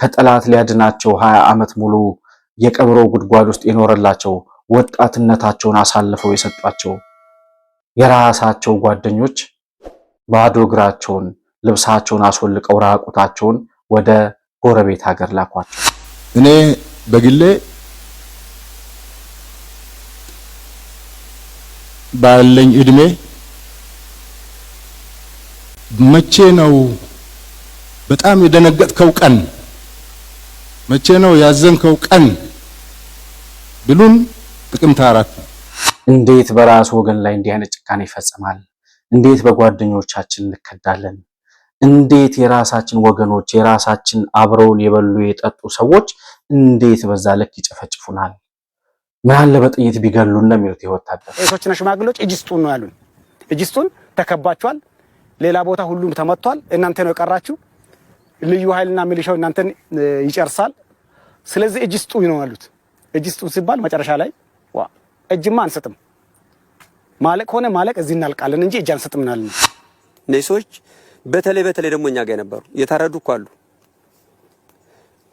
ከጠላት ሊያድናቸው ሀያ ዓመት ሙሉ የቀብሮ ጉድጓድ ውስጥ የኖረላቸው ወጣትነታቸውን አሳልፈው የሰጧቸው የራሳቸው ጓደኞች ባዶ እግራቸውን ልብሳቸውን አስወልቀው ራቁታቸውን ወደ ጎረቤት ሀገር ላኳቸው። እኔ በግሌ ባለኝ እድሜ መቼ ነው በጣም የደነገጥከው ቀን መቼ ነው ያዘንከው ቀን ብሉን ጥቅምት አራት እንዴት በራስ ወገን ላይ እንዲህ አይነት ጭካኔ ይፈጽማል? እንዴት በጓደኞቻችን እንከዳለን? እንዴት የራሳችን ወገኖች የራሳችን አብረውን የበሉ የጠጡ ሰዎች እንዴት በዛ ልክ ይጨፈጭፉናል? ምን አለ በጥይት ቢገሉን ነው የሚሉት የወታደር ቄሶችና ሽማግሎች እጅ ስጡን ነው ያሉን። እጅ ስጡን፣ ተከባችኋል፣ ሌላ ቦታ ሁሉም ተመቷል፣ እናንተ ነው የቀራችሁ ልዩ ኃይልና ሚሊሻው እናንተን ይጨርሳል። ስለዚህ እጅ ስጡ ነው ያሉት። እጅ ስጡ ሲባል መጨረሻ ላይ እጅማ አንሰጥም ማለቅ ሆነ ማለቅ እዚህ እናልቃለን እንጂ እጅ አንሰጥም ናል እነዚህ ሰዎች በተለይ በተለይ ደግሞ እኛ ጋር የነበሩ የታረዱ እኮ አሉ።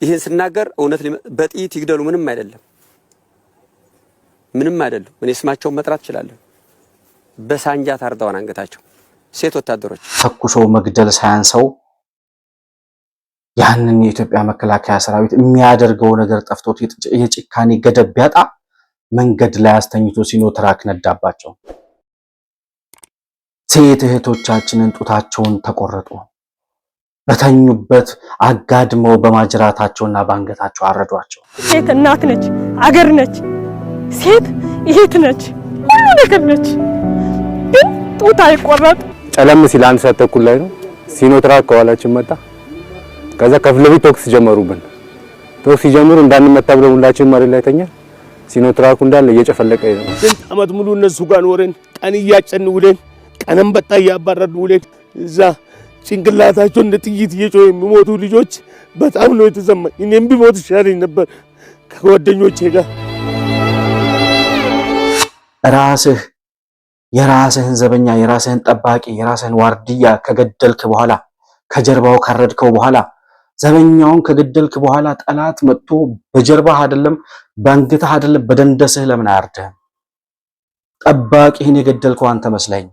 ይህን ስናገር እውነት በጥይት ይግደሉ ምንም አይደለም፣ ምንም አይደለም። እኔ ስማቸውን መጥራት እችላለሁ። በሳንጃ ታርደዋን አንገታቸው ሴት ወታደሮች ተኩሶ መግደል ሳያንሰው ያንን የኢትዮጵያ መከላከያ ሰራዊት የሚያደርገው ነገር ጠፍቶት የጭካኔ ገደብ ቢያጣ መንገድ ላይ አስተኝቶ ሲኖትራክ ነዳባቸው። ሴት እህቶቻችንን ጡታቸውን ተቆረጡ፣ በተኙበት አጋድመው በማጅራታቸውና በአንገታቸው አረዷቸው። ሴት እናት ነች፣ አገር ነች፣ ሴት እህት ነች፣ ሁሉ ነገር ነች። ግን ጡት አይቆረጥ። ጨለም ሲል አንድ ሰዓት ተኩል ላይ ነው ከኋላችን መጣ። ከዛ ከፊት ለፊት ቶክስ ጀመሩብን። ቶክስ ሲጀምሩ እንዳንመታ ብለው ሁላችን መሬት ላይ ተኛ። ሲኖትራኩ እንዳለ እየጨፈለቀ ነው። ስንት አመት ሙሉ እነሱ ጋር ኖረን ቀን እያጨን ውለን ቀንም በጣ እያባረድ ውለን እዛ ጭንቅላታቸው እንደ ጥይት እየጮ የሚሞቱ ልጆች በጣም ነው የተሰማኝ። እኔም ቢሞት ይሻለኝ ነበር ከጓደኞቼ ጋር። ራስህ የራስህን ዘበኛ፣ የራስህን ጠባቂ፣ የራስህን ዋርድያ ከገደልክ በኋላ ከጀርባው ካረድከው በኋላ ዘበኛውን ከገደልክ በኋላ ጠላት መጥቶ በጀርባህ አይደለም በአንገትህ አይደለም በደንደስህ ለምን አያርድህም? ጠባቂህን የገደልከው አንተ መስለኝ።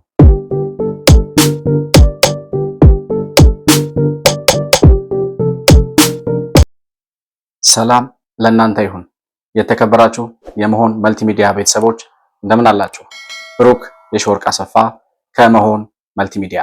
ሰላም ለእናንተ ይሁን። የተከበራችሁ የመሆን መልቲሚዲያ ቤተሰቦች እንደምን አላችሁ? ብሩክ የሾርቅ አሰፋ ከመሆን መልቲሚዲያ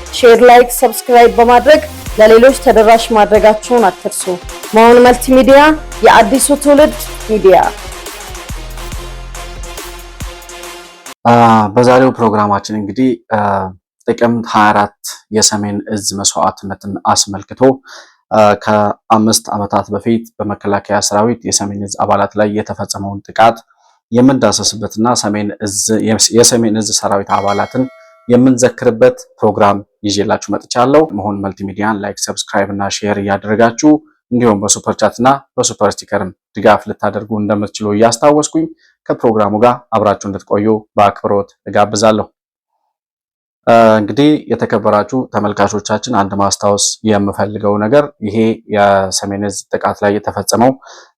ሼር፣ ላይክ፣ ሰብስክራይብ በማድረግ ለሌሎች ተደራሽ ማድረጋችሁን አትርሱ። መሆን መልቲሚዲያ የአዲሱ ትውልድ ሚዲያ። በዛሬው ፕሮግራማችን እንግዲህ ጥቅምት 24 የሰሜን እዝ መስዋዕትነትን አስመልክቶ ከአምስት ዓመታት በፊት በመከላከያ ሰራዊት የሰሜን እዝ አባላት ላይ የተፈጸመውን ጥቃት የምንዳሰስበትና የሰሜን እዝ ሰራዊት አባላትን የምንዘክርበት ፕሮግራም ይዤላችሁ መጥቻለሁ። መሆን መልቲሚዲያን ላይክ፣ ሰብስክራይብ እና ሼር እያደረጋችሁ እንዲሁም በሱፐር ቻት እና በሱፐር ስቲከርም ድጋፍ ልታደርጉ እንደምትችሉ እያስታወስኩኝ ከፕሮግራሙ ጋር አብራችሁ እንድትቆዩ በአክብሮት እጋብዛለሁ። እንግዲህ የተከበራችሁ ተመልካቾቻችን አንድ ማስታወስ የምፈልገው ነገር ይሄ የሰሜን ዕዝ ጥቃት ላይ የተፈጸመው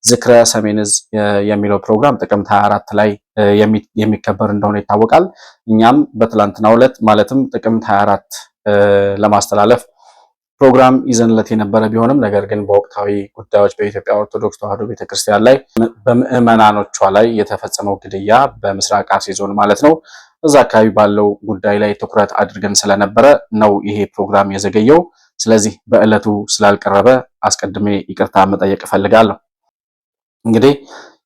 ዝክረ ሰሜን ዕዝ የሚለው ፕሮግራም ጥቅምት 24 ላይ የሚከበር እንደሆነ ይታወቃል። እኛም በትላንትናው ዕለት ማለትም ጥቅምት 24 ለማስተላለፍ ፕሮግራም ይዘንለት የነበረ ቢሆንም ነገር ግን በወቅታዊ ጉዳዮች በኢትዮጵያ ኦርቶዶክስ ተዋሕዶ ቤተክርስቲያን ላይ በምዕመናኖቿ ላይ የተፈጸመው ግድያ በምስራቅ አርሲ ዞን ማለት ነው እዛ አካባቢ ባለው ጉዳይ ላይ ትኩረት አድርገን ስለነበረ ነው ይሄ ፕሮግራም የዘገየው። ስለዚህ በእለቱ ስላልቀረበ አስቀድሜ ይቅርታ መጠየቅ እፈልጋለሁ። እንግዲህ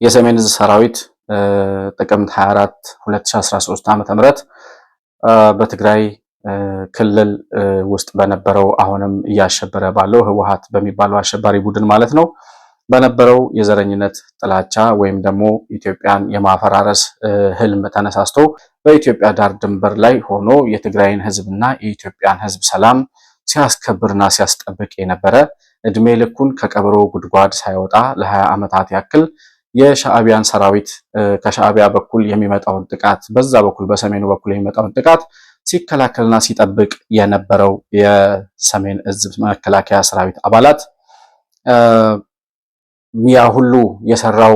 የሰሜን ዕዝ ሰራዊት ጥቅምት 24 2013 ዓ.ም በትግራይ ክልል ውስጥ በነበረው አሁንም እያሸበረ ባለው ህወሓት በሚባለው አሸባሪ ቡድን ማለት ነው በነበረው የዘረኝነት ጥላቻ ወይም ደግሞ ኢትዮጵያን የማፈራረስ ህልም ተነሳስቶ በኢትዮጵያ ዳር ድንበር ላይ ሆኖ የትግራይን ህዝብና የኢትዮጵያን ህዝብ ሰላም ሲያስከብርና ሲያስጠብቅ የነበረ እድሜ ልኩን ከቀበሮ ጉድጓድ ሳይወጣ ለ20 ዓመታት ያክል የሻዕቢያን ሰራዊት ከሻዕቢያ በኩል የሚመጣውን ጥቃት በዛ በኩል በሰሜኑ በኩል የሚመጣውን ጥቃት ሲከላከልና ሲጠብቅ የነበረው የሰሜን እዝ መከላከያ ሰራዊት አባላት ያ ሁሉ የሰራው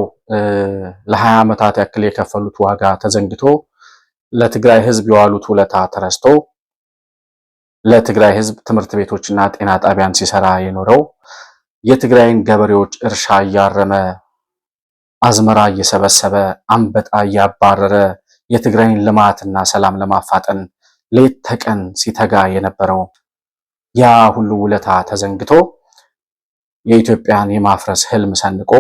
ለሀያ ዓመታት ያክል የከፈሉት ዋጋ ተዘንግቶ ለትግራይ ህዝብ የዋሉት ውለታ ተረስቶ ለትግራይ ህዝብ ትምህርት ቤቶችና ጤና ጣቢያን ሲሰራ የኖረው የትግራይን ገበሬዎች እርሻ እያረመ አዝመራ እየሰበሰበ አንበጣ እያባረረ የትግራይን ልማትና ሰላም ለማፋጠን ሌት ተቀን ሲተጋ የነበረው ያ ሁሉ ውለታ ተዘንግቶ የኢትዮጵያን የማፍረስ ህልም ሰንቆ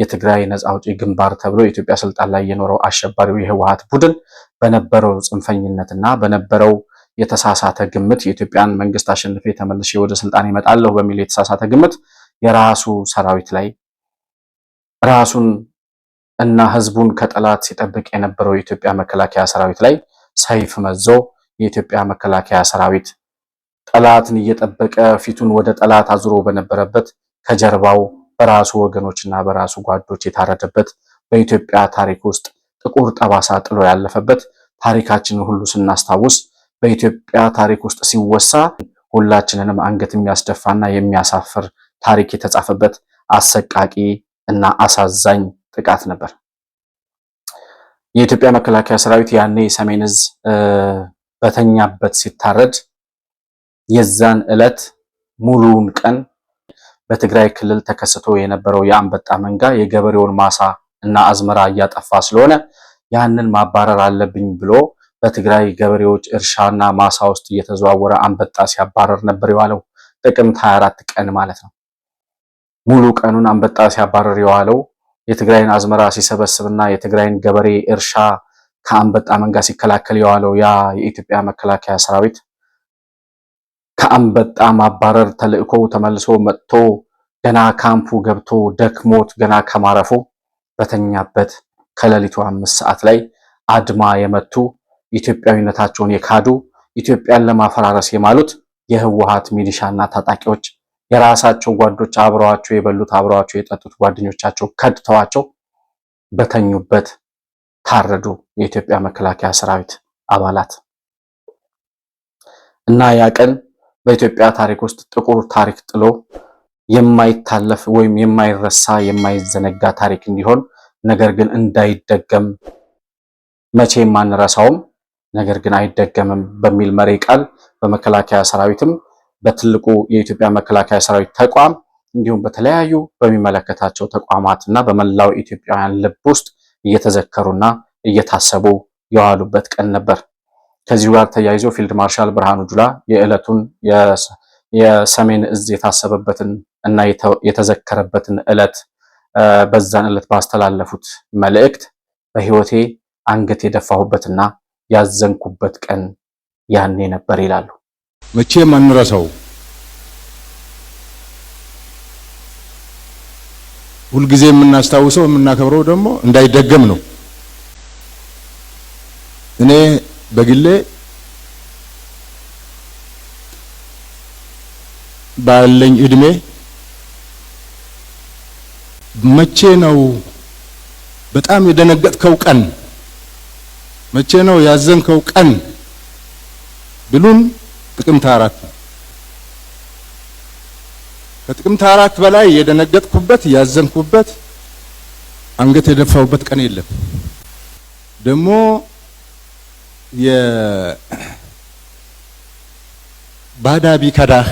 የትግራይ ነጻ አውጪ ግንባር ተብሎ የኢትዮጵያ ስልጣን ላይ የኖረው አሸባሪው የህወሀት ቡድን በነበረው ጽንፈኝነትና በነበረው የተሳሳተ ግምት የኢትዮጵያን መንግስት አሸንፌ ተመልሼ ወደ ስልጣን ይመጣለሁ በሚል የተሳሳተ ግምት የራሱ ሰራዊት ላይ ራሱን እና ህዝቡን ከጠላት ሲጠብቅ የነበረው የኢትዮጵያ መከላከያ ሰራዊት ላይ ሰይፍ መዞ የኢትዮጵያ መከላከያ ሰራዊት ጠላትን እየጠበቀ ፊቱን ወደ ጠላት አዙሮ በነበረበት ከጀርባው በራሱ ወገኖችና በራሱ ጓዶች የታረደበት በኢትዮጵያ ታሪክ ውስጥ ጥቁር ጠባሳ ጥሎ ያለፈበት ታሪካችንን ሁሉ ስናስታውስ በኢትዮጵያ ታሪክ ውስጥ ሲወሳ ሁላችንንም አንገት የሚያስደፋና የሚያሳፍር ታሪክ የተጻፈበት አሰቃቂ እና አሳዛኝ ጥቃት ነበር። የኢትዮጵያ መከላከያ ሰራዊት ያኔ ሰሜን እዝ በተኛበት ሲታረድ የዛን ዕለት ሙሉውን ቀን በትግራይ ክልል ተከስቶ የነበረው የአንበጣ መንጋ የገበሬውን ማሳ እና አዝመራ እያጠፋ ስለሆነ ያንን ማባረር አለብኝ ብሎ በትግራይ ገበሬዎች እርሻና ማሳ ውስጥ እየተዘዋወረ አንበጣ ሲያባረር ነበር የዋለው። ጥቅምት 24 ቀን ማለት ነው። ሙሉ ቀኑን አንበጣ ሲያባረር የዋለው የትግራይን አዝመራ ሲሰበስብና የትግራይን ገበሬ እርሻ ከአንበጣ መንጋ ሲከላከል የዋለው ያ የኢትዮጵያ መከላከያ ሰራዊት ከአንበጣ ማባረር ተልእኮ ተመልሶ መጥቶ ገና ካምፑ ገብቶ ደክሞት ገና ከማረፉ በተኛበት ከሌሊቱ አምስት ሰዓት ላይ አድማ የመቱ ኢትዮጵያዊነታቸውን የካዱ ኢትዮጵያን ለማፈራረስ የማሉት የህወሓት ሚሊሻና ታጣቂዎች የራሳቸው ጓዶች አብረዋቸው የበሉት አብረዋቸው የጠጡት ጓደኞቻቸው ከድተዋቸው በተኙበት ታረዱ የኢትዮጵያ መከላከያ ሰራዊት አባላት እና ያ ቀን በኢትዮጵያ ታሪክ ውስጥ ጥቁር ታሪክ ጥሎ የማይታለፍ ወይም የማይረሳ የማይዘነጋ ታሪክ እንዲሆን ነገር ግን እንዳይደገም መቼ ማንረሳውም ነገር ግን አይደገምም በሚል መሪ ቃል በመከላከያ ሰራዊትም በትልቁ የኢትዮጵያ መከላከያ ሰራዊት ተቋም እንዲሁም በተለያዩ በሚመለከታቸው ተቋማት እና በመላው ኢትዮጵያውያን ልብ ውስጥ እየተዘከሩና እየታሰቡ የዋሉበት ቀን ነበር። ከዚሁ ጋር ተያይዞ ፊልድ ማርሻል ብርሃኑ ጁላ የዕለቱን የሰሜን እዝ የታሰበበትን እና የተዘከረበትን ዕለት በዛን ዕለት ባስተላለፉት መልእክት በህይወቴ አንገት የደፋሁበትና ያዘንኩበት ቀን ያኔ ነበር ይላሉ። መቼ አንረሳው። ሁልጊዜ የምናስታውሰው የምናከብረው ደግሞ እንዳይደገም ነው። እኔ በግሌ ባለኝ እድሜ መቼ ነው በጣም የደነገጥከው ቀን? መቼ ነው ያዘንከው ቀን ብሉን ጥቅምት አራት ነው። ከጥቅምት አራት በላይ የደነገጥኩበት ያዘንኩበት አንገት የደፋውበት ቀን የለም ደግሞ ባዳ ቢከዳህ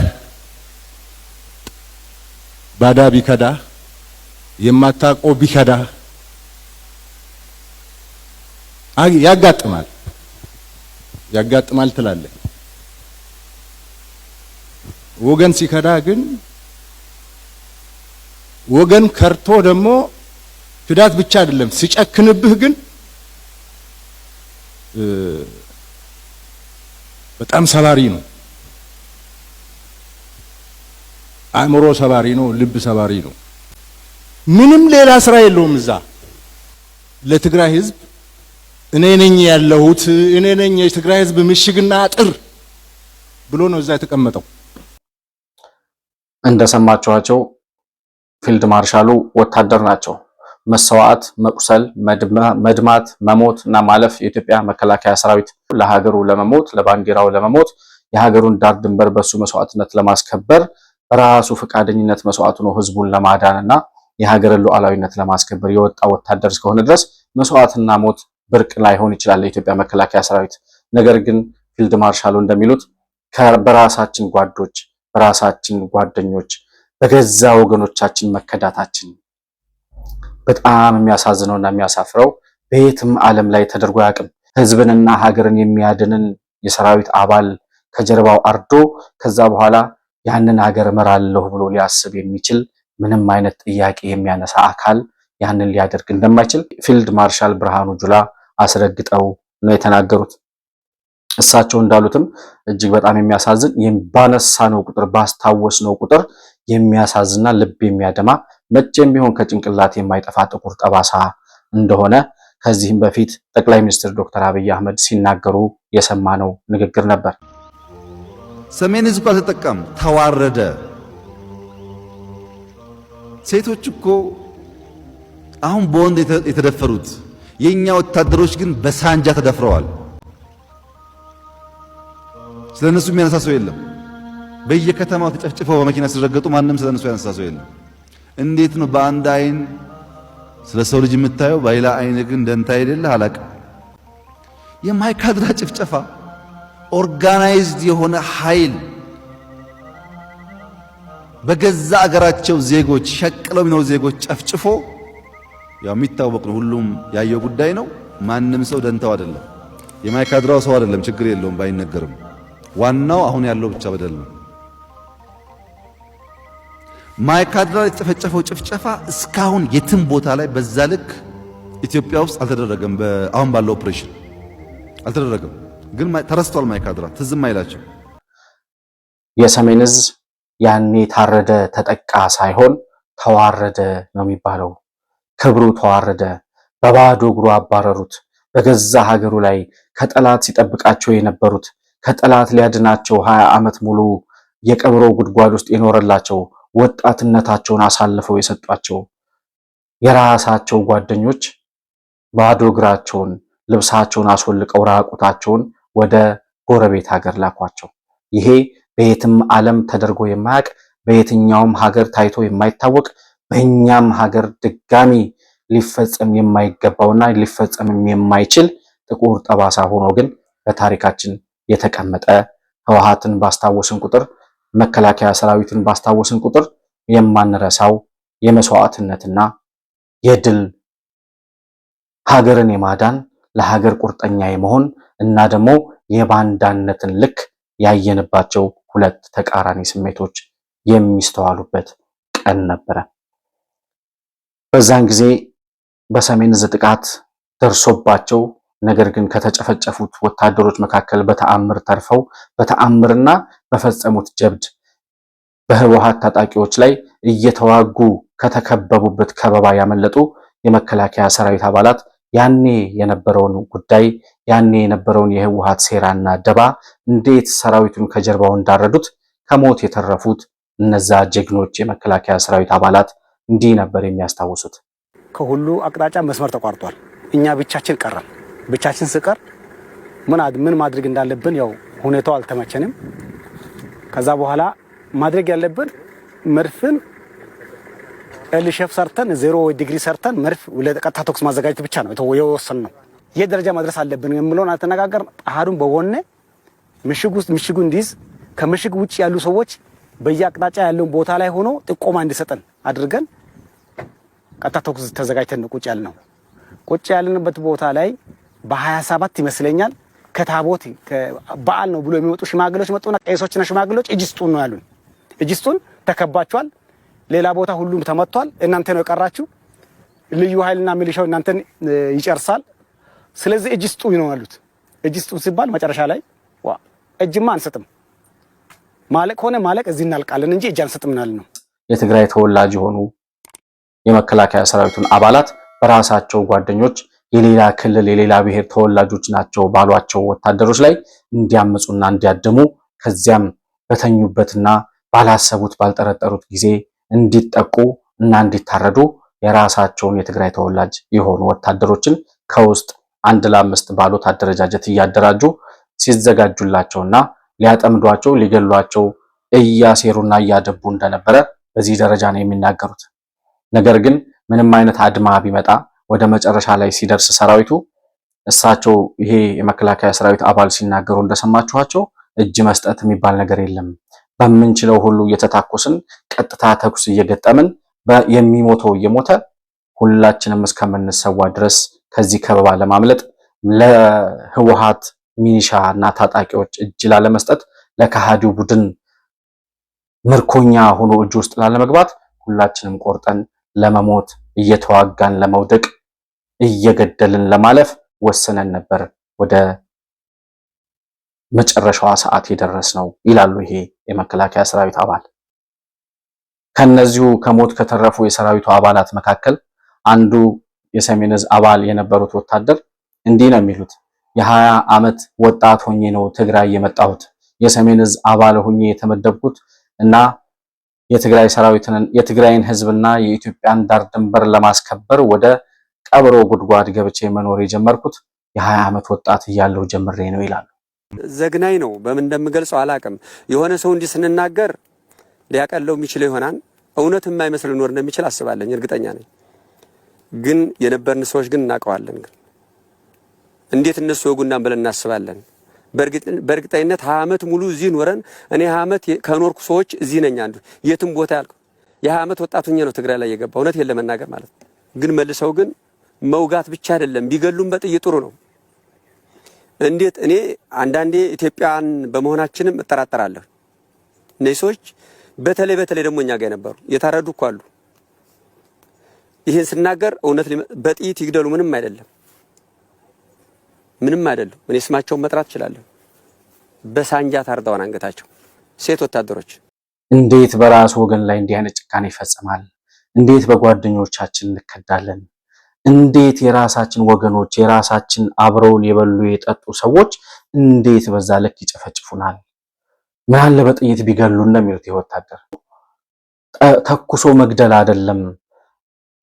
ባዳ ቢከዳህ የማታውቀው ቢከዳህ ያጋጥማል ያጋጥማል ትላለህ። ወገን ሲከዳ ግን ወገን ከርቶ ደግሞ ክዳት ብቻ አይደለም ሲጨክንብህ ግን በጣም ሰባሪ ነው። አእምሮ ሰባሪ ነው። ልብ ሰባሪ ነው። ምንም ሌላ ስራ የለውም። እዛ ለትግራይ ህዝብ እኔ ነኝ ያለሁት እኔ ነኝ የትግራይ ህዝብ ምሽግና አጥር ብሎ ነው እዛ የተቀመጠው። እንደሰማችኋቸው ፊልድ ማርሻሉ ወታደር ናቸው። መሰዋዕት፣ መቁሰል፣ መድማት፣ መሞት እና ማለፍ የኢትዮጵያ መከላከያ ሰራዊት ለሀገሩ ለመሞት ለባንዲራው ለመሞት የሀገሩን ዳር ድንበር በሱ መስዋዕትነት ለማስከበር በራሱ ፈቃደኝነት መስዋዕቱ ነው ህዝቡን ለማዳን እና የሀገርን ሉዓላዊነት ለማስከበር የወጣ ወታደር እስከሆነ ድረስ መስዋዕትና ሞት ብርቅ ላይሆን ይችላል የኢትዮጵያ መከላከያ ሰራዊት። ነገር ግን ፊልድ ማርሻሉ እንደሚሉት በራሳችን ጓዶች፣ በራሳችን ጓደኞች፣ በገዛ ወገኖቻችን መከዳታችን በጣም የሚያሳዝነውና የሚያሳፍረው በየትም ዓለም ላይ ተደርጎ አያውቅም። ህዝብንና ሀገርን የሚያድንን የሰራዊት አባል ከጀርባው አርዶ ከዛ በኋላ ያንን ሀገር እመራለሁ ብሎ ሊያስብ የሚችል ምንም አይነት ጥያቄ የሚያነሳ አካል ያንን ሊያደርግ እንደማይችል ፊልድ ማርሻል ብርሃኑ ጁላ አስረግጠው ነው የተናገሩት። እሳቸው እንዳሉትም እጅግ በጣም የሚያሳዝን ባነሳነው ቁጥር ነው ቁጥር የሚያሳዝንና ልብ የሚያደማ መቼም ቢሆን ከጭንቅላት የማይጠፋ ጥቁር ጠባሳ እንደሆነ ከዚህም በፊት ጠቅላይ ሚኒስትር ዶክተር አብይ አህመድ ሲናገሩ የሰማነው ንግግር ነበር። ሰሜን ህዝብ አልተጠቀም፣ ተዋረደ። ሴቶች እኮ አሁን በወንድ የተደፈሩት፣ የእኛ ወታደሮች ግን በሳንጃ ተደፍረዋል። ስለ እነሱ የሚያነሳ ሰው የለም። በየከተማው ተጨፍጭፈው በመኪና ሲረገጡ ማንም ስለ እነሱ ያነሳ ሰው የለም። እንዴት ነው በአንድ አይን ስለ ሰው ልጅ የምታየው፣ በሌላ አይን ግን ደንታ የሌለ አላቅ። የማይካድራ ጭፍጨፋ ኦርጋናይዝድ የሆነ ኃይል በገዛ አገራቸው ዜጎች ሸቅለው የሚኖሩ ዜጎች ጨፍጭፎ ያው የሚታወቅ ነው፣ ሁሉም ያየው ጉዳይ ነው። ማንም ሰው ደንታው አይደለም። የማይካድራው ሰው አይደለም፣ ችግር የለውም ባይነገርም፣ ዋናው አሁን ያለው ብቻ በደል ነው። ማይካድራ የተጨፈጨፈው ጭፍጨፋ እስካሁን የትም ቦታ ላይ በዛ ልክ ኢትዮጵያ ውስጥ አልተደረገም። አሁን ባለው ኦፕሬሽን አልተደረገም፣ ግን ተረስቷል። ማይካድራ ትዝም አይላቸው። የሰሜን እዝ ያኔ ታረደ ተጠቃ ሳይሆን ተዋረደ ነው የሚባለው። ክብሩ ተዋረደ፣ በባዶ እግሩ አባረሩት። በገዛ ሀገሩ ላይ ከጠላት ሲጠብቃቸው የነበሩት ከጠላት ሊያድናቸው ሀያ ዓመት ሙሉ የቀብሮ ጉድጓድ ውስጥ የኖረላቸው ወጣትነታቸውን አሳልፈው የሰጧቸው የራሳቸው ጓደኞች ባዶ እግራቸውን ልብሳቸውን አስወልቀው ራቁታቸውን ወደ ጎረቤት ሀገር ላኳቸው። ይሄ በየትም ዓለም ተደርጎ የማያውቅ በየትኛውም ሀገር ታይቶ የማይታወቅ በእኛም ሀገር ድጋሚ ሊፈጸም የማይገባውና ሊፈጸምም የማይችል ጥቁር ጠባሳ ሆኖ ግን በታሪካችን የተቀመጠ ህወሓትን ባስታወስን ቁጥር መከላከያ ሰራዊትን ባስታወስን ቁጥር የማንረሳው የመስዋዕትነትና የድል ሀገርን የማዳን ለሀገር ቁርጠኛ የመሆን እና ደግሞ የባንዳነትን ልክ ያየንባቸው ሁለት ተቃራኒ ስሜቶች የሚስተዋሉበት ቀን ነበረ። በዛን ጊዜ በሰሜን ዕዝ ጥቃት ደርሶባቸው ነገር ግን ከተጨፈጨፉት ወታደሮች መካከል በተአምር ተርፈው በተአምርና በፈጸሙት ጀብድ በህወሓት ታጣቂዎች ላይ እየተዋጉ ከተከበቡበት ከበባ ያመለጡ የመከላከያ ሰራዊት አባላት ያኔ የነበረውን ጉዳይ ያኔ የነበረውን የህወሓት ሴራና ደባ እንዴት ሰራዊቱን ከጀርባው እንዳረዱት ከሞት የተረፉት እነዛ ጀግኖች የመከላከያ ሰራዊት አባላት እንዲህ ነበር የሚያስታውሱት። ከሁሉ አቅጣጫ መስመር ተቋርጧል። እኛ ብቻችን ቀረን። ብቻችን ስቀር ምን ማድረግ እንዳለብን ያው ሁኔታው አልተመቸንም። ከዛ በኋላ ማድረግ ያለብን መድፍን ኤልሼፕ ሰርተን ዜሮ ዲግሪ ሰርተን መድፍ ለቀጥታ ተኩስ ማዘጋጀት ብቻ ነው የወሰን ነው። ይህ ደረጃ መድረስ አለብን የምለውን አልተነጋገር አሃዱን በወነ ምሽግ ውስጥ ምሽጉ እንዲይዝ ከምሽግ ውጭ ያሉ ሰዎች በየአቅጣጫ ያለውን ቦታ ላይ ሆኖ ጥቆማ እንዲሰጠን አድርገን ቀጥታ ተኩስ ተዘጋጅተን ቁጭ ያልነው ቁጭ ያልንበት ቦታ ላይ በ27 ይመስለኛል ከታቦት በዓል ነው ብሎ የሚወጡ ሽማግሎች መጡና ቄሶችና ሽማግሎች እጅ ስጡን ነው ያሉን። እጅ ስጡን፣ ተከባችኋል፣ ሌላ ቦታ ሁሉም ተመቷል፣ እናንተ ነው የቀራችሁ፣ ልዩ ኃይልና ሚሊሻው እናንተን ይጨርሳል፣ ስለዚህ እጅ ነው ያሉት። እጅ ሲባል መጨረሻ ላይ እጅማ አንሰጥም ማለቅ ሆነ ማለቅ እዚህ እናልቃለን እንጂ እጅ አንሰጥም ናል ነው። የትግራይ ተወላጅ የሆኑ የመከላከያ ሰራዊቱን አባላት በራሳቸው ጓደኞች የሌላ ክልል የሌላ ብሔር ተወላጆች ናቸው ባሏቸው ወታደሮች ላይ እንዲያመፁና እንዲያድሙ ከዚያም በተኙበትና ባላሰቡት ባልጠረጠሩት ጊዜ እንዲጠቁ እና እንዲታረዱ የራሳቸውን የትግራይ ተወላጅ የሆኑ ወታደሮችን ከውስጥ አንድ ለአምስት ባሉት አደረጃጀት እያደራጁ ሲዘጋጁላቸውና ሊያጠምዷቸው ሊገሏቸው እያሴሩና እያደቡ እንደነበረ በዚህ ደረጃ ነው የሚናገሩት። ነገር ግን ምንም አይነት አድማ ቢመጣ ወደ መጨረሻ ላይ ሲደርስ ሰራዊቱ እሳቸው ይሄ የመከላከያ ሰራዊት አባል ሲናገሩ እንደሰማችኋቸው እጅ መስጠት የሚባል ነገር የለም፣ በምንችለው ሁሉ እየተታኮስን ቀጥታ ተኩስ እየገጠምን የሚሞተው እየሞተ ሁላችንም እስከምንሰዋ ድረስ ከዚህ ከበባ ለማምለጥ ለህወሓት ሚኒሻ እና ታጣቂዎች እጅ ላለመስጠት ለካሃዲው ቡድን ምርኮኛ ሆኖ እጅ ውስጥ ላለመግባት ሁላችንም ቆርጠን ለመሞት እየተዋጋን ለመውደቅ እየገደልን ለማለፍ ወስነን ነበር ወደ መጨረሻዋ ሰዓት የደረስ ነው ይላሉ። ይሄ የመከላከያ ሰራዊት አባል ከነዚሁ ከሞት ከተረፉ የሰራዊቱ አባላት መካከል አንዱ የሰሜን ዕዝ አባል የነበሩት ወታደር እንዲህ ነው የሚሉት። የሀያ ዓመት ወጣት ሆኜ ነው ትግራይ የመጣሁት። የሰሜን ዕዝ አባል ሆኜ የተመደብኩት እና የትግራይ ሰራዊትን የትግራይን ህዝብና የኢትዮጵያን ዳር ድንበር ለማስከበር ወደ ቀብሮ ጉድጓድ ገብቼ መኖር የጀመርኩት የሀያ ዓመት ወጣት እያለሁ ጀምሬ ነው ይላሉ። ዘግናኝ ነው። በምን እንደምገልጸው አላቅም። የሆነ ሰው እንዲህ ስንናገር ሊያቀለው የሚችለው ይሆናል። እውነት የማይመስል ኖር እንደሚችል አስባለኝ፣ እርግጠኛ ነኝ። ግን የነበርን ሰዎች ግን እናውቀዋለን። ግን እንዴት እነሱ ወጉናን ብለን እናስባለን። በእርግጠኝነት ሀያ ዓመት ሙሉ እዚህ ኖረን እኔ ሀያ ዓመት ከኖርኩ ሰዎች እዚህ ነኝ አንዱ የትም ቦታ ያልኩ የሀያ ዓመት ወጣቱኛ ነው ትግራይ ላይ የገባ እውነት የለመናገር ማለት ግን መልሰው ግን መውጋት ብቻ አይደለም፣ ቢገሉም በጥይት ጥሩ ነው። እንዴት እኔ አንዳንዴ ኢትዮጵያን በመሆናችንም እጠራጠራለሁ። እነዚህ ሰዎች በተለይ በተለይ ደግሞ እኛ ጋር የነበሩ የታረዱ እኮ አሉ። ይህን ስናገር እውነት በጥይት ይግደሉ ምንም አይደለም፣ ምንም አይደለም። እኔ ስማቸውን መጥራት እችላለሁ። በሳንጃ ታርደዋን አንገታቸው ሴት ወታደሮች። እንዴት በራሱ ወገን ላይ እንዲህ አይነት ጭካኔ ይፈጽማል? እንዴት በጓደኞቻችን እንከዳለን? እንዴት የራሳችን ወገኖች የራሳችን አብረውን የበሉ የጠጡ ሰዎች እንዴት በዛ ልክ ይጨፈጭፉናል? ምን አለ በጥይት ቢገሉ እንደሚሉት የሚሉት። ወታደር ተኩሶ መግደል አይደለም፣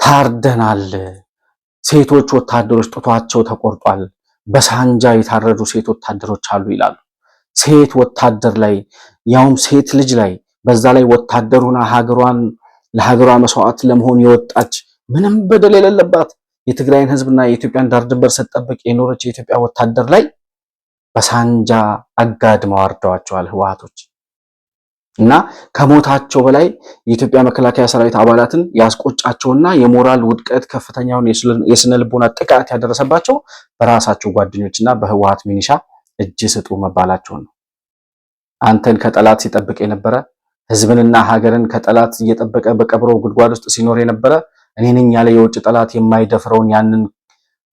ታርደናል። ሴቶች ወታደሮች ጡቷቸው ተቆርጧል፣ በሳንጃ የታረዱ ሴት ወታደሮች አሉ ይላሉ። ሴት ወታደር ላይ ያውም ሴት ልጅ ላይ በዛ ላይ ወታደሩና ሀገሯን ለሀገሯ መስዋዕት ለመሆን የወጣች ምንም በደል የሌለባት የትግራይን ህዝብና የኢትዮጵያን ዳር ድንበር ስትጠብቅ የኖረች የኢትዮጵያ ወታደር ላይ በሳንጃ አጋድመው አርደዋቸዋል ህወሓቶች እና ከሞታቸው በላይ የኢትዮጵያ መከላከያ ሰራዊት አባላትን ያስቆጫቸውና የሞራል ውድቀት ከፍተኛውን የስነ ልቦና ጥቃት ያደረሰባቸው በራሳቸው ጓደኞችና በህወሓት ሚኒሻ እጅ ስጡ መባላቸውን ነው። አንተን ከጠላት ሲጠብቅ የነበረ ህዝብንና ሀገርን ከጠላት እየጠበቀ በቀብሮ ጉድጓድ ውስጥ ሲኖር የነበረ እኔ ነኝ ያለ የውጭ ጠላት የማይደፍረውን ያንን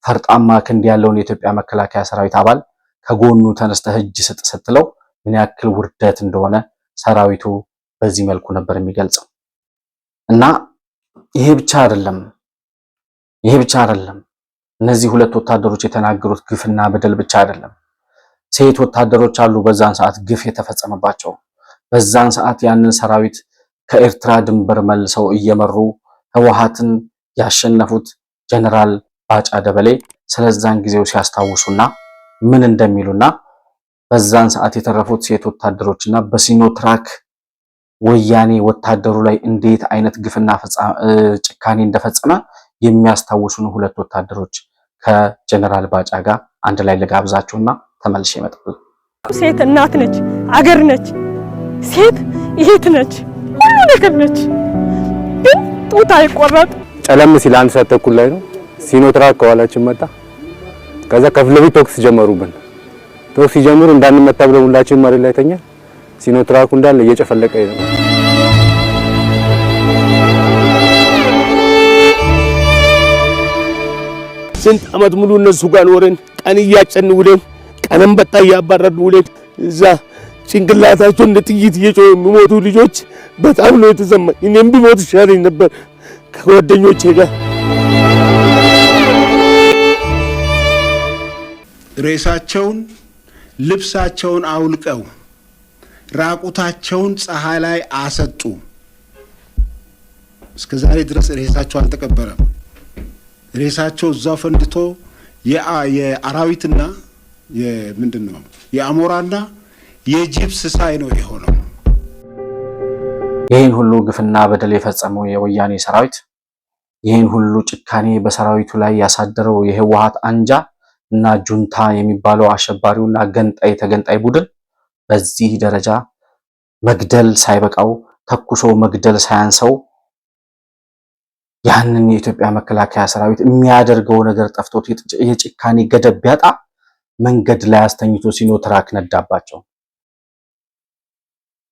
ፈርጣማ ክንድ ያለውን የኢትዮጵያ መከላከያ ሰራዊት አባል ከጎኑ ተነስተህ እጅ ስጥ ስትለው ምን ያክል ውርደት እንደሆነ ሰራዊቱ በዚህ መልኩ ነበር የሚገልጸው። እና ይሄ ብቻ አይደለም፣ ይሄ ብቻ አይደለም። እነዚህ ሁለት ወታደሮች የተናገሩት ግፍና በደል ብቻ አይደለም። ሴት ወታደሮች አሉ በዛን ሰዓት ግፍ የተፈጸመባቸው። በዛን ሰዓት ያንን ሰራዊት ከኤርትራ ድንበር መልሰው እየመሩ ህወሓትን ያሸነፉት ጀነራል ባጫ ደበሌ ስለዛን ጊዜው ሲያስታውሱና ምን እንደሚሉና በዛን ሰዓት የተረፉት ሴት ወታደሮችና በሲኖትራክ ወያኔ ወታደሩ ላይ እንዴት አይነት ግፍና ጭካኔ እንደፈጸመ የሚያስታውሱን ሁለት ወታደሮች ከጀነራል ባጫ ጋር አንድ ላይ ልጋብዛችሁና ተመልሼ እመጣለሁ። ሴት እናት ነች፣ አገር ነች፣ ሴት እህት ነች፣ ሁሉ ነገር ነች ግን ጡት አይቆረጥ። ጨለም ሲል አንድ ሰዓት ተኩል ላይ ነው ሲኖትራክ ከኋላችን መጣ። ከዛ ከፊት ለፊት ቶክስ ጀመሩብን። ቶክስ ሲጀምሩ እንዳንመታ ብለው ሁላችን መሬት ላይ ተኛ። ሲኖትራኩ እንዳለ እየጨፈለቀ ነው። ስንት አመት ሙሉ እነሱ ጋር ኖረን ቀን እያጨን ውለን ቀን አንበጣ እያባረርን ውለን እዛ ጭንቅላታቸው እንደ ጥይት እየጮህ የሚሞቱ ልጆች በጣም ነው የተሰማኝ። እኔም ቢሞት ይሻለኝ ነበር ከጓደኞቼ ጋር። ሬሳቸውን ልብሳቸውን አውልቀው ራቁታቸውን ፀሐይ ላይ አሰጡ። እስከ ዛሬ ድረስ ሬሳቸው አልተቀበረም። ሬሳቸው እዛው ፈንድቶ የአራዊትና ምንድን ነው የአሞራና የጂፕስ ሳይ ነው የሆነው። ይህን ሁሉ ግፍና በደል የፈጸመው የወያኔ ሰራዊት፣ ይህን ሁሉ ጭካኔ በሰራዊቱ ላይ ያሳደረው የህወሀት አንጃ እና ጁንታ የሚባለው አሸባሪውና ገንጣይ ተገንጣይ ቡድን በዚህ ደረጃ መግደል ሳይበቃው ተኩሶ መግደል ሳያንሰው ያንን የኢትዮጵያ መከላከያ ሰራዊት የሚያደርገው ነገር ጠፍቶት የጭካኔ ገደብ ቢያጣ መንገድ ላይ አስተኝቶ ሲኖ ትራክ ነዳባቸው።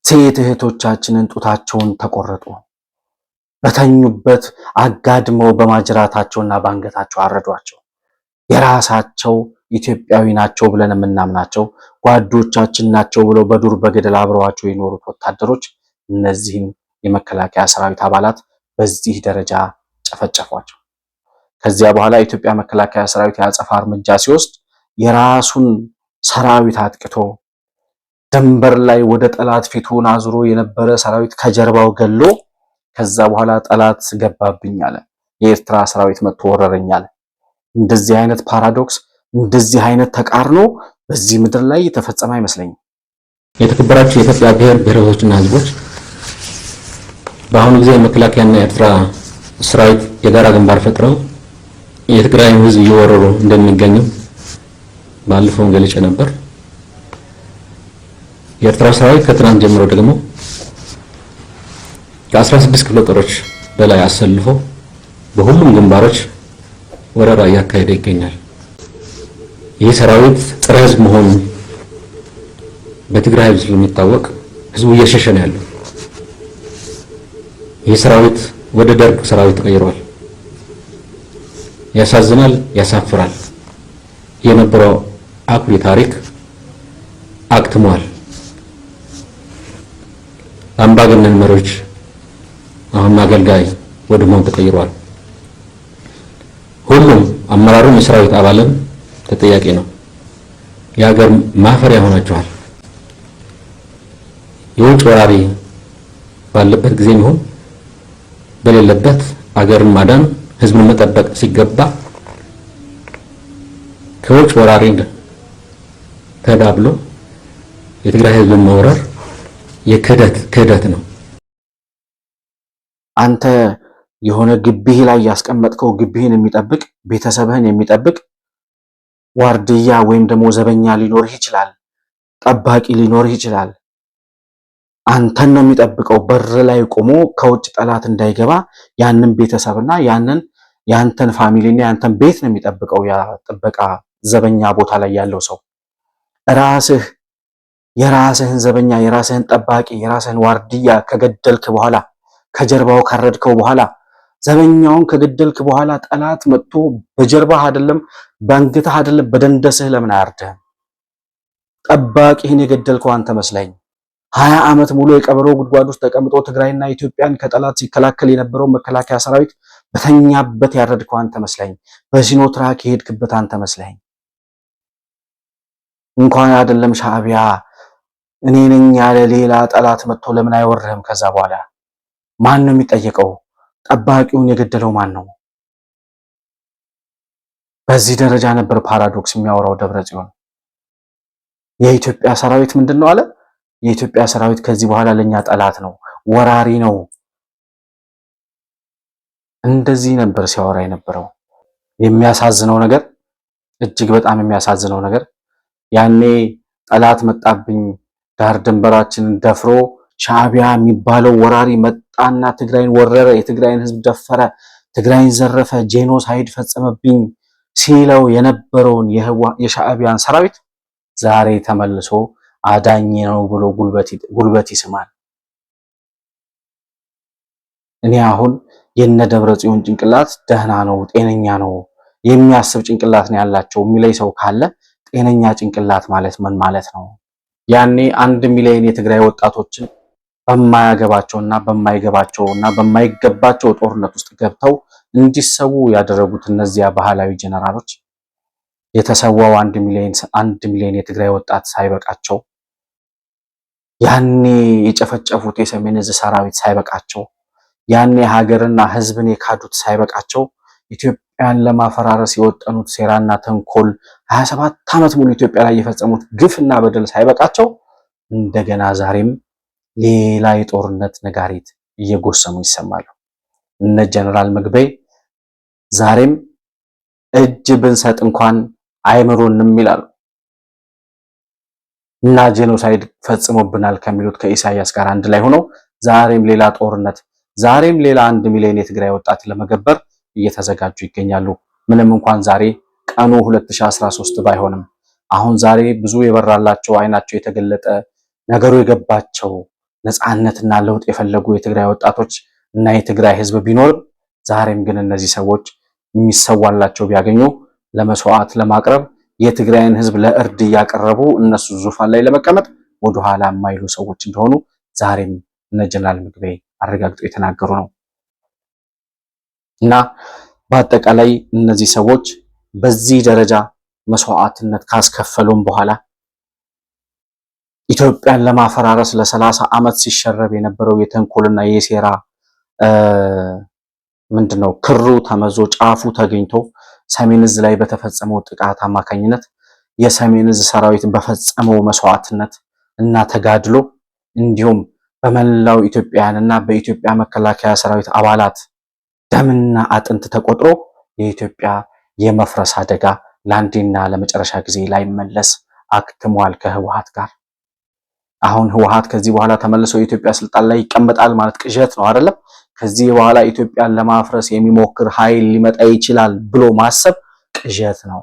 ሴት እህቶቻችንን ጡታቸውን ተቆረጡ፣ በተኙበት አጋድመው በማጅራታቸውና በአንገታቸው አረዷቸው። የራሳቸው ኢትዮጵያዊ ናቸው ብለን የምናምናቸው ጓዶቻችን ናቸው ብለው በዱር በገደል አብረዋቸው የኖሩት ወታደሮች እነዚህም የመከላከያ ሰራዊት አባላት በዚህ ደረጃ ጨፈጨፏቸው። ከዚያ በኋላ የኢትዮጵያ መከላከያ ሰራዊት የአጸፋ እርምጃ ሲወስድ የራሱን ሰራዊት አጥቅቶ ደንበር ላይ ወደ ጠላት ፊቱን አዙሮ የነበረ ሰራዊት ከጀርባው ገሎ ከዛ በኋላ ጠላት ገባብኝ አለ። የኤርትራ ሰራዊት መጥቶ ወረረኝ አለ። እንደዚህ አይነት ፓራዶክስ፣ እንደዚህ አይነት ተቃርኖ በዚህ ምድር ላይ የተፈጸመ አይመስለኝም። የተከበራችሁ የኢትዮጵያ ብሔር ብሔረሰቦችና ህዝቦች በአሁኑ ጊዜ መከላከያና የኤርትራ ሰራዊት የጋራ ግንባር ፈጥረው የትግራይን ህዝብ እየወረሩ እንደሚገኙ ባለፈው ገለጨ ነበር። የኤርትራ ሰራዊት ከትናንት ጀምሮ ደግሞ ከ16 ክፍለ ጦሮች በላይ አሰልፎ በሁሉም ግንባሮች ወረራ እያካሄደ ይገኛል። ይህ ሰራዊት ጥረ ህዝብ መሆኑ በትግራይ ህዝብ ስለሚታወቅ ህዝቡ እየሸሸ ነው ያለው። ይህ ሰራዊት ወደ ደርግ ሰራዊት ተቀይሯል። ያሳዝናል፣ ያሳፍራል። የነበረው አኩሪ ታሪክ አክትሟል። አምባገነን መሪዎች አሁን አገልጋይ ወደ መሆን ተቀይረዋል። ሁሉም አመራሩም የሰራዊት አባልም ተጠያቂ ነው። የሀገር ማፈሪያ ሆናችኋል። የውጭ ወራሪ ባለበት ጊዜ ይሁን በሌለበት አገርን ማዳን ህዝብን መጠበቅ ሲገባ ከውጭ ወራሪ ተዳብሎ የትግራይ ህዝብን መውረር የክህደት ክህደት ነው። አንተ የሆነ ግቢህ ላይ ያስቀመጥከው ግቢህን የሚጠብቅ ቤተሰብህን የሚጠብቅ ዋርድያ ወይም ደግሞ ዘበኛ ሊኖርህ ይችላል። ጠባቂ ሊኖርህ ይችላል። አንተን ነው የሚጠብቀው። በር ላይ ቆሞ ከውጭ ጠላት እንዳይገባ ያንን ቤተሰብና ያንን ያንተን ፋሚሊና ያንተን ቤት ነው የሚጠብቀው። ያ ጥበቃ ዘበኛ ቦታ ላይ ያለው ሰው ራስህ የራስህን ዘበኛ፣ የራስህን ጠባቂ፣ የራስህን ዋርድያ ከገደልክ በኋላ ከጀርባው ካረድከው በኋላ ዘበኛውን ከገደልክ በኋላ ጠላት መጥቶ በጀርባህ አይደለም በአንገትህ አይደለም በደንደስህ ለምን አያርድህም? ጠባቂህን የገደልከው አንተ መስለኝ። ሀያ ዓመት ሙሉ የቀበሮ ጉድጓድ ውስጥ ተቀምጦ ትግራይና ኢትዮጵያን ከጠላት ሲከላከል የነበረው መከላከያ ሰራዊት በተኛበት ያረድከው አንተ መስለኝ። ትራክ የሄድክበት አንተ መስለኝ። እንኳን አይደለም ሻዕቢያ እኔ ነኝ ያለ ሌላ ጠላት መጥቶ ለምን አይወርህም? ከዛ በኋላ ማን ነው የሚጠየቀው? ጠባቂውን የገደለው ማን ነው? በዚህ ደረጃ ነበር ፓራዶክስ የሚያወራው ደብረ ጽዮን። የኢትዮጵያ ሰራዊት ምንድን ነው አለ? የኢትዮጵያ ሰራዊት ከዚህ በኋላ ለእኛ ጠላት ነው፣ ወራሪ ነው። እንደዚህ ነበር ሲያወራ የነበረው። የሚያሳዝነው ነገር እጅግ በጣም የሚያሳዝነው ነገር ያኔ ጠላት መጣብኝ ዳር ድንበራችንን ደፍሮ ሻዕቢያ የሚባለው ወራሪ መጣና ትግራይን ወረረ፣ የትግራይን ህዝብ ደፈረ፣ ትግራይን ዘረፈ፣ ጄኖሳይድ ፈጸመብኝ ሲለው የነበረውን የሻዕቢያን ሰራዊት ዛሬ ተመልሶ አዳኝ ነው ብሎ ጉልበት ይስማል። እኔ አሁን የነ ደብረ ጽዮን ጭንቅላት ደህና ነው፣ ጤነኛ ነው፣ የሚያስብ ጭንቅላት ነው ያላቸው የሚለይ ሰው ካለ ጤነኛ ጭንቅላት ማለት ምን ማለት ነው? ያኔ አንድ ሚሊዮን የትግራይ ወጣቶችን በማያገባቸውና በማይገባቸውና በማይገባቸው ጦርነት ውስጥ ገብተው እንዲሰዉ ያደረጉት እነዚያ ባህላዊ ጀነራሎች የተሰዋው አንድ ሚሊዮን አንድ ሚሊዮን የትግራይ ወጣት ሳይበቃቸው ያኔ የጨፈጨፉት የሰሜን እዝ ሰራዊት ሳይበቃቸው ያኔ ሀገርና ሕዝብን የካዱት ሳይበቃቸው ኢትዮጵያን ለማፈራረስ የወጠኑት ሴራና ተንኮል 27 ዓመት ሙሉ ኢትዮጵያ ላይ የፈጸሙት ግፍና በደል ሳይበቃቸው እንደገና ዛሬም ሌላ የጦርነት ነጋሪት እየጎሰሙ ይሰማሉ። እነ ጀነራል መግቤ ዛሬም እጅ ብንሰጥ እንኳን አይምሩንም ይላሉ እና ጄኖሳይድ ፈጽሞብናል ከሚሉት ከኢሳያስ ጋር አንድ ላይ ሆነው ዛሬም ሌላ ጦርነት ዛሬም ሌላ አንድ ሚሊዮን የትግራይ ወጣት ለመገበር እየተዘጋጁ ይገኛሉ። ምንም እንኳን ዛሬ ቀኑ 2013 ባይሆንም አሁን ዛሬ ብዙ የበራላቸው አይናቸው የተገለጠ ነገሩ የገባቸው ነፃነትና ለውጥ የፈለጉ የትግራይ ወጣቶች እና የትግራይ ሕዝብ ቢኖርም ዛሬም ግን እነዚህ ሰዎች የሚሰዋላቸው ቢያገኙ ለመስዋዕት ለማቅረብ የትግራይን ሕዝብ ለእርድ እያቀረቡ እነሱ ዙፋን ላይ ለመቀመጥ ወደኋላ የማይሉ ሰዎች እንደሆኑ ዛሬም እነ ጀነራል ምግበይ አረጋግጠው የተናገሩ ነው። እና በአጠቃላይ እነዚህ ሰዎች በዚህ ደረጃ መስዋዕትነት ካስከፈሉም በኋላ ኢትዮጵያን ለማፈራረስ ለሰላሳ ዓመት ሲሸረብ የነበረው የተንኮልና የሴራ ምንድን ነው ክሩ ተመዞ ጫፉ ተገኝቶ ሰሜን እዝ ላይ በተፈጸመው ጥቃት አማካኝነት የሰሜን እዝ ሰራዊት በፈጸመው መስዋዕትነት እና ተጋድሎ እንዲሁም በመላው ኢትዮጵያውያን እና በኢትዮጵያ መከላከያ ሰራዊት አባላት ደምና አጥንት ተቆጥሮ የኢትዮጵያ የመፍረስ አደጋ ለአንዴና ለመጨረሻ ጊዜ ላይመለስ አክትሟል ከህወሓት ጋር። አሁን ህወሓት ከዚህ በኋላ ተመልሶ የኢትዮጵያ ስልጣን ላይ ይቀመጣል ማለት ቅዠት ነው አይደለም። ከዚህ በኋላ ኢትዮጵያን ለማፍረስ የሚሞክር ኃይል ሊመጣ ይችላል ብሎ ማሰብ ቅዠት ነው።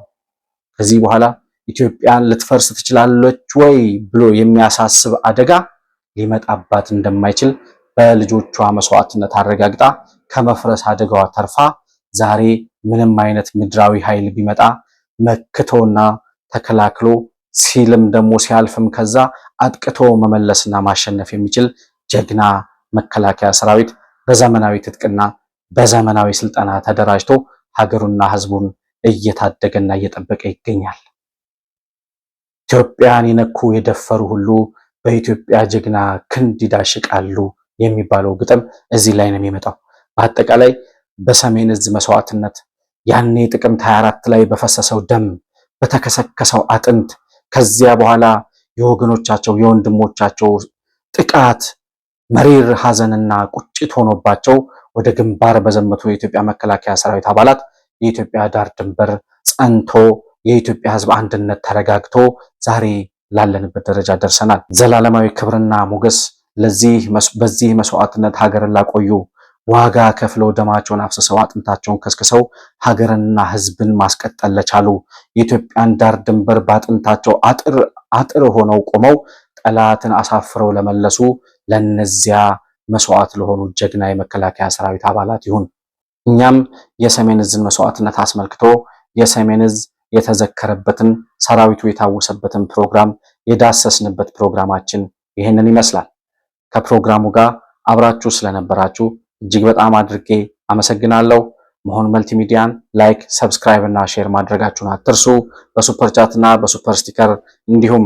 ከዚህ በኋላ ኢትዮጵያን ልትፈርስ ትችላለች ወይ ብሎ የሚያሳስብ አደጋ ሊመጣባት እንደማይችል በልጆቿ መስዋዕትነት አረጋግጣ ከመፍረስ አደጋዋ ተርፋ ዛሬ ምንም አይነት ምድራዊ ኃይል ቢመጣ መክቶና ተከላክሎ ሲልም ደግሞ ሲያልፍም ከዛ አጥቅቶ መመለስና ማሸነፍ የሚችል ጀግና መከላከያ ሰራዊት በዘመናዊ ትጥቅና በዘመናዊ ስልጠና ተደራጅቶ ሀገሩና ሕዝቡን እየታደገና እየጠበቀ ይገኛል። ኢትዮጵያን የነኩ የደፈሩ ሁሉ በኢትዮጵያ ጀግና ክንድ ይዳሽቃሉ የሚባለው ግጥም እዚህ ላይ ነው የሚመጣው። በአጠቃላይ በሰሜን እዝ መስዋዕትነት ያኔ ጥቅምት 24 ላይ በፈሰሰው ደም በተከሰከሰው አጥንት ከዚያ በኋላ የወገኖቻቸው የወንድሞቻቸው ጥቃት መሪር ሐዘንና ቁጭት ሆኖባቸው ወደ ግንባር በዘመቱ የኢትዮጵያ መከላከያ ሰራዊት አባላት የኢትዮጵያ ዳር ድንበር ጸንቶ የኢትዮጵያ ሕዝብ አንድነት ተረጋግቶ ዛሬ ላለንበት ደረጃ ደርሰናል። ዘላለማዊ ክብርና ሞገስ ለዚህ በዚህ መስዋዕትነት ሀገርን ላቆዩ ዋጋ ከፍለው ደማቸውን አፍስሰው አጥንታቸውን ከስክሰው ሀገርንና ሕዝብን ማስቀጠል ለቻሉ የኢትዮጵያን ዳር ድንበር በአጥንታቸው አጥር ሆነው ቆመው ጠላትን አሳፍረው ለመለሱ ለነዚያ መስዋዕት ለሆኑ ጀግና የመከላከያ ሰራዊት አባላት ይሁን። እኛም የሰሜን ህዝን መስዋዕትነት አስመልክቶ የሰሜን ህዝ የተዘከረበትን ሰራዊቱ የታወሰበትን ፕሮግራም የዳሰስንበት ፕሮግራማችን ይህንን ይመስላል። ከፕሮግራሙ ጋር አብራችሁ ስለነበራችሁ እጅግ በጣም አድርጌ አመሰግናለሁ። መሆን መልቲሚዲያን ላይክ፣ ሰብስክራይብ እና ሼር ማድረጋችሁን አትርሱ። በሱፐር ቻት እና በሱፐር ስቲከር እንዲሁም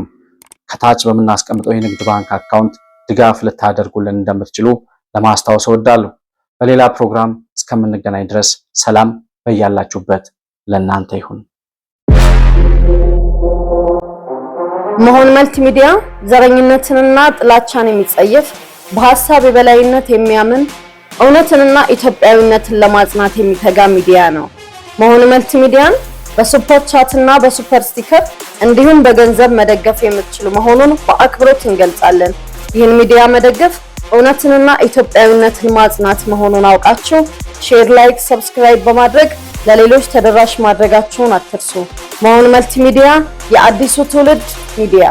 ከታች በምናስቀምጠው የንግድ ባንክ አካውንት ድጋፍ ልታደርጉልን እንደምትችሉ ለማስታወስ እወዳለሁ። በሌላ ፕሮግራም እስከምንገናኝ ድረስ ሰላም በያላችሁበት ለእናንተ ይሁን። መሆን መልቲ ሚዲያ ዘረኝነትንና ጥላቻን የሚጸየፍ በሀሳብ የበላይነት የሚያምን እውነትንና ኢትዮጵያዊነትን ለማጽናት የሚተጋ ሚዲያ ነው። መሆን መልቲ ሚዲያን በሱፐር ቻት እና በሱፐር ስቲከር እንዲሁም በገንዘብ መደገፍ የምትችሉ መሆኑን በአክብሮት እንገልጻለን። ይህን ሚዲያ መደገፍ እውነትንና ኢትዮጵያዊነትን ማጽናት መሆኑን አውቃችሁ ሼር፣ ላይክ፣ ሰብስክራይብ በማድረግ ለሌሎች ተደራሽ ማድረጋችሁን አትርሱ። መሆኑ መልቲ ሚዲያ የአዲሱ ትውልድ ሚዲያ